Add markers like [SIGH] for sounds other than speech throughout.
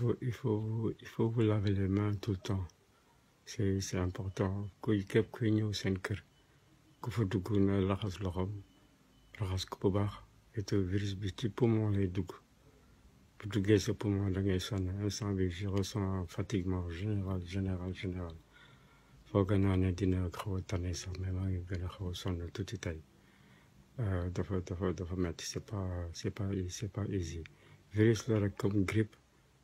faut, il, faut, il faut vous laver les mains tout le temps. C'est important. général général général mais c'est pas easy virus grippe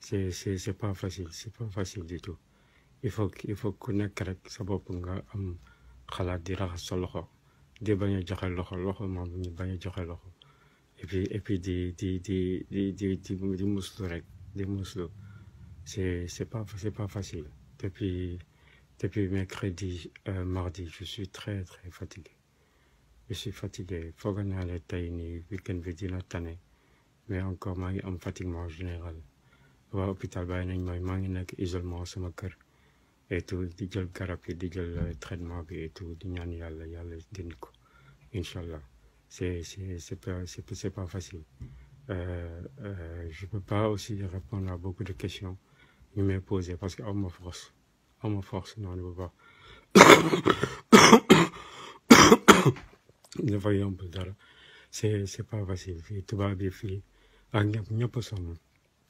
c'est pas facile c'est pas facile du tout il faut il faut connaître sa am di loxo loxo et puis et puis di c'est pas c'est pas facile depuis depuis mercredi euh, mardi je suis très très fatigué je suis fatigué weekend mais encore fatigue général wa hôpital bàyyi nañ may maa ngi nekk isolement sama kër et tout di jël garab yi di jël euh, traitement bi et tout di ñaan yàlla yàlla dindi ko incha allah c'est c'est c'est pas c'est pas facile euh, euh, je peux pas aussi répondre à beaucoup de questions ñu may posé parce que ma force ma force noonu bu baax dafa [COUGHS] yomb dara c'est c'est pas facile fii tubaab bi fii ak ñëpp ñëpp sonn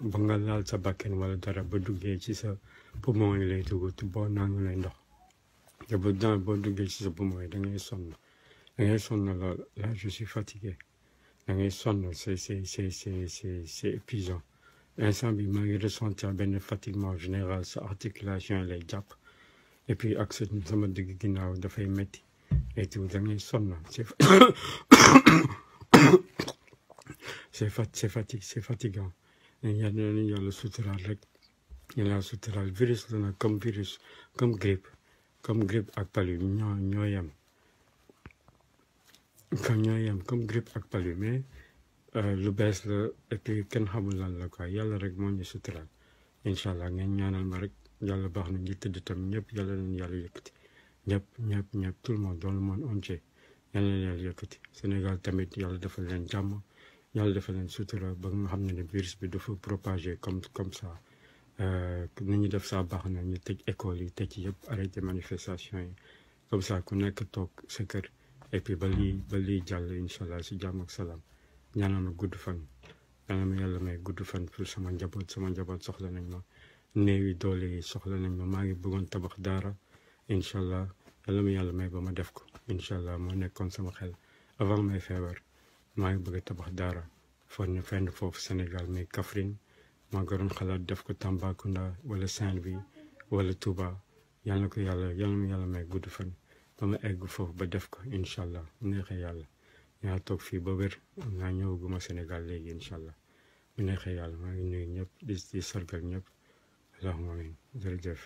bangalal sa bakin wala dara ba duggee ci sa poumon yi lay dugg tu boo naanu lay ndox te ba daan boo duggee ci sa poumon yi da ngay sonn da ngay sonn lool là je suis fatigué da ngay sonn c'est c'est c'est c'est c'est épuisant instant bi maa ngi ressentir benn fatiguement général sa articulation lay japp et puis ak sama digg ginnaaw dafay metti et tout da ngay sonn c'est [COUGHS] [COUGHS] [COUGHS] c'est c'est fatigant en jalo sutra rek jalo sutra virus dana comme virus comme grippe comme grippe ak palu ñoo ñoo yem comme ñoo yem comme grippe ak palu mais lu bees la et puis kenn xamul lan la quoi yàlla rek moo ñu suturaal incha allah ngeen ñaanal ma rek yàlla baax na ñi tëdd tam ñëpp yàlla leen yàlla yëkkati ñëpp ñëpp ñëpp tout le monde dans le monde entier yàlla leen yàlla yëkkati Sénégal tamit yàlla defal leen jàmm yàlla defal leen sutura ba nga xam ne ne virus bi dafa propagé comme comme ça euh, ni ñu def saa na ñu tëj école yi tëj yëpp arrêté manifestation yi comme ça ku nekk toog sa kër et ba lii ba lii jàll incha allah si jàmm ak salaam ñaanal ma gudd fan ñaanal yàlla may gudd fan pour sama njaboot sama njaboot soxla nañ ma néew doole yi soxla nañ ma maa ngi bëggoon tabax daara incha allah yàlla ma yàlla may ba ma def ko incha allah moo nekkoon sama xel avant may feebar. maa ngi bëgg tabax daara for ñu fenn foofu Sénégal mais Kaffrine maa ngi doon xalaat def ko Tambacounda wala Saint-Louis wala Touba yàlla ko yàlla yàlla yàlla may gudd fan ba ma egg foofu ba def ko incha allah neexee yàlla ñaa toog fii ba wér naa ñëwaguma Sénégal léegi incha allah mu neexee yàlla maa ngi nuyu ñëpp di di sargal ñëpp allahumma amin jërëjëf